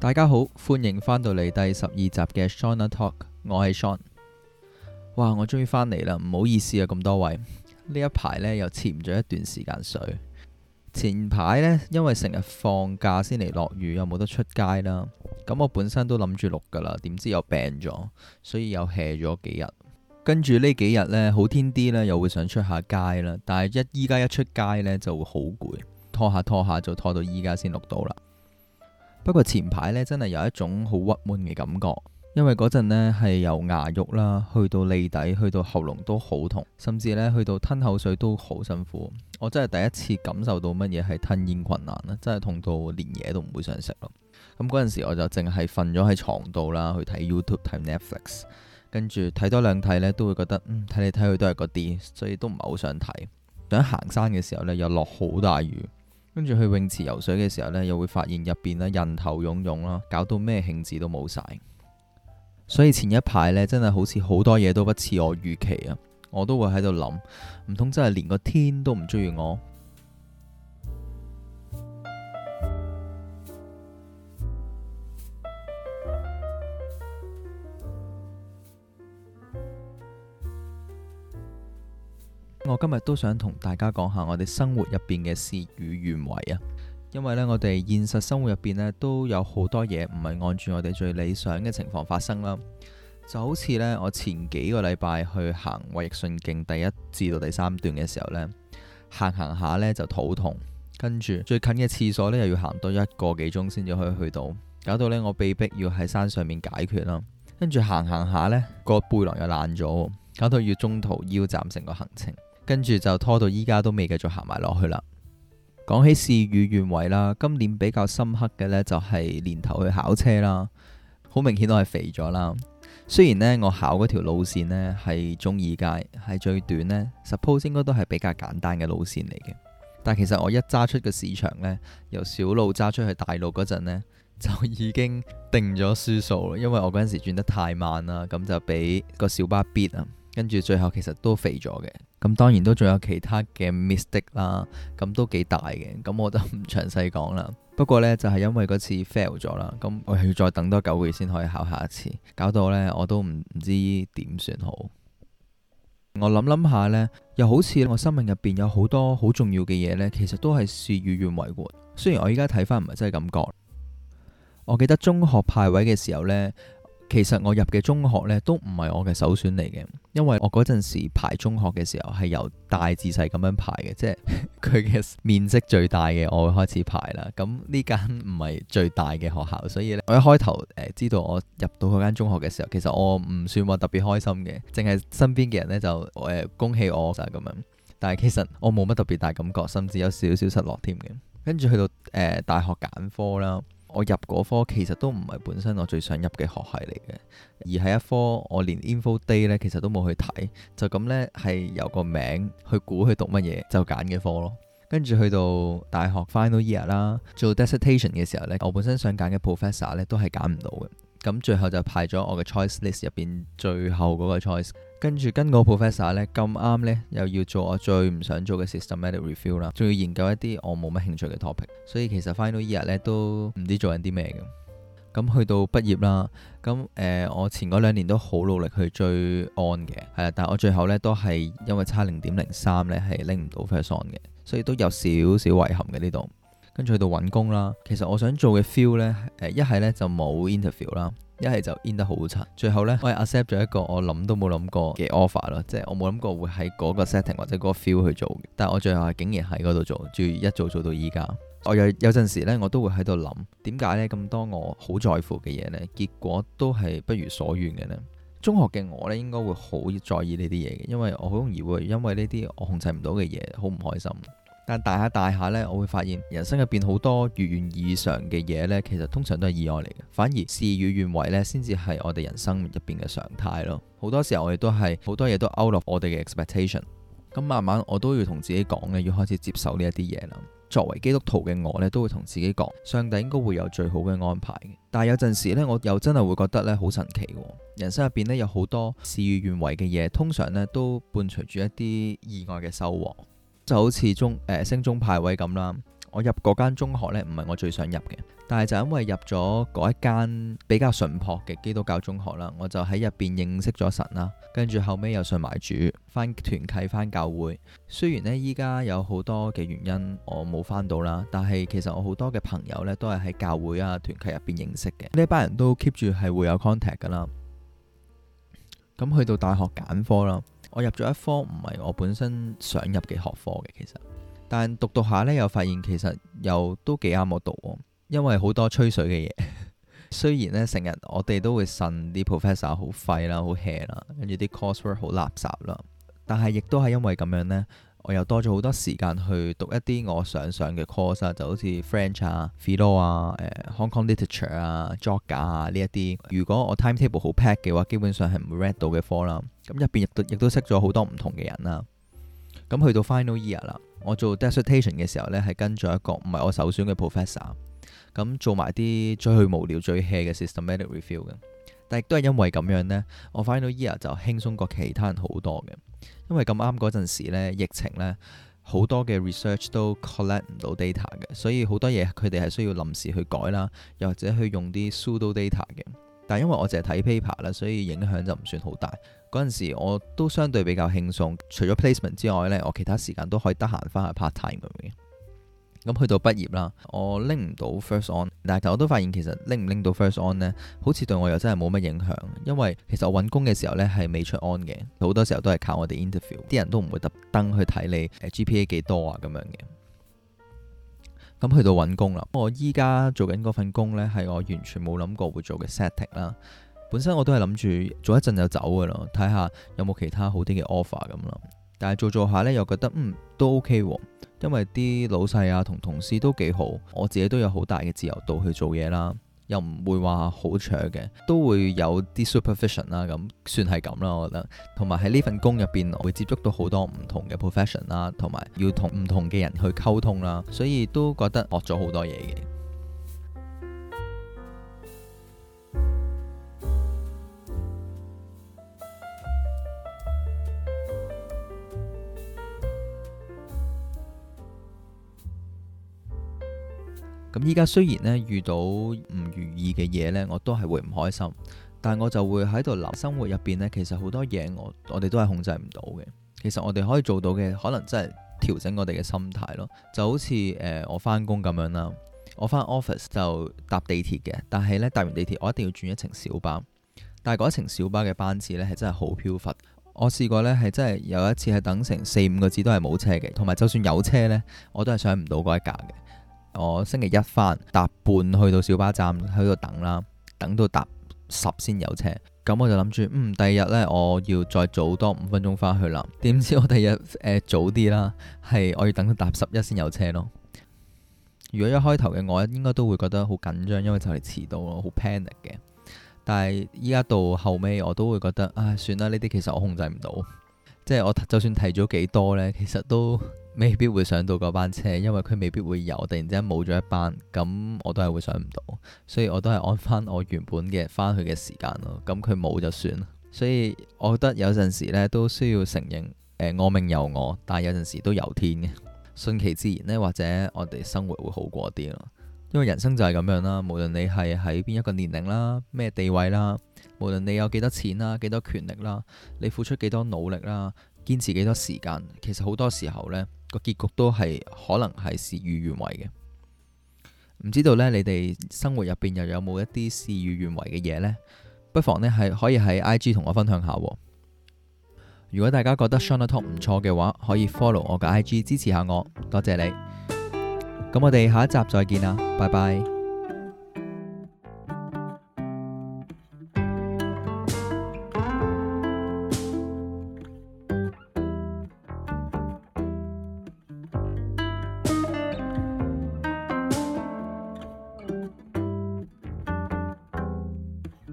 大家好，歡迎返到嚟第十二集嘅 Shona Talk，我係 Shawn。哇，我終於返嚟啦，唔好意思啊，咁多位。呢一排呢，又潛咗一段時間水。前排呢，因為成日放假先嚟落雨，又冇得出街啦。咁我本身都諗住錄噶啦，點知又病咗，所以又 hea 咗幾日。跟住呢幾日呢，好天啲呢，又會想出下街啦。但係一依家一出街呢，就會好攰，拖下拖下就拖到依家先錄到啦。不過前排呢，真係有一種好鬱悶嘅感覺，因為嗰陣呢係由牙肉啦，去到脷底，去到喉嚨都好痛，甚至呢去到吞口水都好辛苦。我真係第一次感受到乜嘢係吞嚥困難啦，真係痛到連嘢都唔會想食咯。咁嗰陣時我就淨係瞓咗喺床度啦，去睇 YouTube 睇 Netflix，跟住睇多兩睇呢，都會覺得，嗯，睇嚟睇去都係嗰啲，所以都唔係好想睇。等行山嘅時候呢，又落好大雨。跟住去泳池游水嘅時候呢，又會發現入邊呢，人頭湧湧咯，搞到咩興致都冇晒。所以前一排呢，真係好似好多嘢，都不似我預期啊！我都會喺度諗，唔通真係連個天都唔鍾意我？我今日都想同大家講下我哋生活入邊嘅事與願違啊，因為呢，我哋現實生活入邊呢都有好多嘢唔係按住我哋最理想嘅情況發生啦。就好似呢，我前幾個禮拜去行衛奕信徑第一至到第三段嘅時候呢，行行下呢就肚痛，跟住最近嘅廁所呢，又要行多一個幾鐘先至可以去到，搞到呢，我被逼要喺山上面解決啦。跟住行行下呢，個背囊又爛咗，搞到要中途腰斬成個行程。跟住就拖到依家都未繼續行埋落去啦。講起事與願違啦，今年比較深刻嘅，呢就係、是、年頭去考車啦，好明顯都係肥咗啦。雖然呢我考嗰條路線呢係中二街，係最短呢，suppose 應該都係比較簡單嘅路線嚟嘅。但其實我一揸出個市場呢，由小路揸出去大路嗰陣呢，就已經定咗輸數啦。因為我嗰陣時轉得太慢啦，咁就俾個小巴 bit 啊。跟住最後其實都肥咗嘅，咁當然都仲有其他嘅 mistake 啦，咁都幾大嘅，咁我就唔詳細講啦。不過呢，就係因為嗰次 fail 咗啦，咁我要再等多九個月先可以考下一次，搞到呢我都唔唔知點算好。我諗諗下呢，又好似我生命入邊有好多好重要嘅嘢，呢，其實都係事與願違活。雖然我依家睇翻唔係真係咁覺，我記得中學派位嘅時候呢。其實我入嘅中學呢，都唔係我嘅首選嚟嘅，因為我嗰陣時排中學嘅時候係由大至細咁樣排嘅，即係佢嘅面積最大嘅，我會開始排啦。咁呢間唔係最大嘅學校，所以呢，我一開頭、呃、知道我入到嗰間中學嘅時候，其實我唔算話特別開心嘅，淨係身邊嘅人呢就誒、呃、恭喜我就咁樣，但係其實我冇乜特別大感覺，甚至有少少失落添嘅。跟住去到誒、呃、大學揀科啦。我入嗰科其實都唔係本身我最想入嘅學系嚟嘅，而係一科我連 info day 咧其實都冇去睇，就咁呢係由個名去估佢讀乜嘢就揀嘅科咯。跟住去到大學 final year 啦，做 dissertation 嘅時候呢，我本身想揀嘅 professor 呢都係揀唔到嘅。咁最後就派咗我嘅 choice list 入邊最後嗰個 choice，跟住跟個 professor 咧咁啱呢，呢又要做我最唔想做嘅 systematic review 啦，仲要研究一啲我冇乜興趣嘅 topic，所以其實 final year 呢都唔知做緊啲咩嘅。咁去到畢業啦，咁誒、呃、我前嗰兩年都好努力去追 on 嘅，係啦，但係我最後呢都係因為差零點零三呢係拎唔到 first on 嘅，所以都有少少遺憾嘅呢度。跟住去到揾工啦，其實我想做嘅 feel 呢，誒，一係呢就冇 interview 啦，一係就 in 得好差。最後呢，我係 accept 咗一個我諗都冇諗過嘅 offer 咯，即係我冇諗過會喺嗰個 setting 或者嗰個 feel 去做嘅。但係我最後係竟然喺嗰度做，仲一做做到依家。我有有陣時咧，我都會喺度諗，點解呢咁多我好在乎嘅嘢呢？結果都係不如所願嘅呢。中學嘅我呢，應該會好在意呢啲嘢嘅，因為我好容易會因為呢啲我控制唔到嘅嘢，好唔開心。但大下大下呢，我會發現人生入邊好多如願以償嘅嘢呢，其實通常都係意外嚟嘅。反而事與願違呢，先至係我哋人生入邊嘅常態咯。好多時候我哋都係好多嘢都 out of 我哋嘅 expectation。咁慢慢我都要同自己講嘅，要開始接受呢一啲嘢啦。作為基督徒嘅我呢，都會同自己講，上帝應該會有最好嘅安排。但係有陣時呢，我又真係會覺得呢，好神奇。人生入邊呢，有好多事與願違嘅嘢，通常呢，都伴隨住一啲意外嘅收穫。就好似中誒、呃、升中派位咁啦，我入嗰間中學呢，唔係我最想入嘅，但係就因為入咗嗰一間比較純樸嘅基督教中學啦，我就喺入邊認識咗神啦，跟住後尾又上埋主，返團契，返教會。雖然呢，依家有好多嘅原因我冇返到啦，但係其實我好多嘅朋友呢，都係喺教會啊團契入邊認識嘅。呢班人都 keep 住係會有 contact 㗎啦。咁去到大學揀科啦。我入咗一科唔係我本身想入嘅學科嘅，其實，但係讀讀下呢，又發現其實又都幾啱我讀喎，因為好多吹水嘅嘢。 雖然呢，成日我哋都會呻啲 professor 好廢啦，好 hea 啦，跟住啲 coursework 好垃圾啦，但係亦都係因為咁樣呢。我又多咗好多時間去讀一啲我想上嘅 course 啊，就好似 French 啊、Philo 啊、呃、Hong Kong Literature 啊、Yoga 啊呢一啲。如果我 timetable 好 packed 嘅話，基本上係唔會 read 到嘅科啦。咁入邊亦都亦都識咗好多唔同嘅人啦。咁去到 final year 啦，我做 dissertation 嘅時候呢，係跟咗一個唔係我首選嘅 professor。咁做埋啲最無聊、最 hea 嘅 systematic review 嘅。但亦都係因為咁樣呢，我 final year 就輕鬆過其他人好多嘅。因為咁啱嗰陣時呢，疫情呢，好多嘅 research 都 collect 唔到 data 嘅，所以好多嘢佢哋係需要臨時去改啦，又或者去用啲 pseudo data 嘅。但係因為我淨係睇 paper 啦，所以影響就唔算好大。嗰陣時我都相對比較輕鬆，除咗 placement 之外呢，我其他時間都可以得閒翻去 part time 咁嘅。咁去到畢業啦，我拎唔到 first on，但係我都發現其實拎唔拎到 first on 呢，好似對我又真係冇乜影響，因為其實我揾工嘅時候呢係未出 on 嘅，好多時候都係靠我哋 interview，啲人都唔會特登去睇你 GPA 幾多啊咁樣嘅。咁去到揾工啦，我依家做緊嗰份工呢係我完全冇諗過會做嘅 setting 啦，本身我都係諗住做一陣就走噶咯，睇下有冇其他好啲嘅 offer 咁咯。但係做做下呢，又覺得嗯，都 OK 喎，因為啲老細啊同同事都幾好，我自己都有好大嘅自由度去做嘢啦，又唔會話好搶嘅，都會有啲 supervision 啦、啊，咁算係咁啦，我覺得。同埋喺呢份工入邊我會接觸到好多唔同嘅 profession 啦、啊，同埋要同唔同嘅人去溝通啦、啊，所以都覺得學咗好多嘢嘅。咁依家雖然咧遇到唔如意嘅嘢呢，我都係會唔開心，但係我就會喺度諗，生活入邊呢，其實好多嘢我我哋都係控制唔到嘅。其實我哋可以做到嘅，可能真係調整我哋嘅心態咯。就好似誒我翻工咁樣啦，我翻 office 就搭地鐵嘅，但係呢，搭完地鐵，我一定要轉一程小巴，但係嗰一程小巴嘅班次呢，係真係好飄忽。我試過呢，係真係有一次係等成四五個字都係冇車嘅，同埋就算有車呢，我都係上唔到嗰一架嘅。我星期一翻搭半去到小巴站喺度等啦，等到搭十先有車，咁我就諗住嗯，第二日呢，我要再早多五分鐘翻去啦。點知我第二日、呃、早啲啦，係我要等佢搭十一先有車咯。如果一開頭嘅我應該都會覺得好緊張，因為就嚟遲到咯，好 panic 嘅。但係依家到後尾，我都會覺得啊、哎，算啦，呢啲其實我控制唔到。即係我就算提咗幾多呢，其實都未必會上到嗰班車，因為佢未必會有。突然之間冇咗一班，咁我都係會上唔到，所以我都係按翻我原本嘅返去嘅時間咯。咁佢冇就算啦。所以我覺得有陣時呢都需要承認，誒、呃、我命由我，但係有陣時都由天嘅。順其自然呢，或者我哋生活會好過啲咯。因為人生就係咁樣啦，無論你係喺邊一個年齡啦，咩地位啦。無論你有幾多錢啦，幾多權力啦，你付出幾多努力啦，堅持幾多時間，其實好多時候呢個結局都係可能係事與願違嘅。唔知道呢，你哋生活入邊又有冇一啲事與願違嘅嘢呢？不妨呢係可以喺 IG 同我分享下。如果大家覺得 Shonda Top 唔錯嘅話，可以 follow 我嘅 IG 支持下我，多謝你。咁我哋下一集再見啦，拜拜。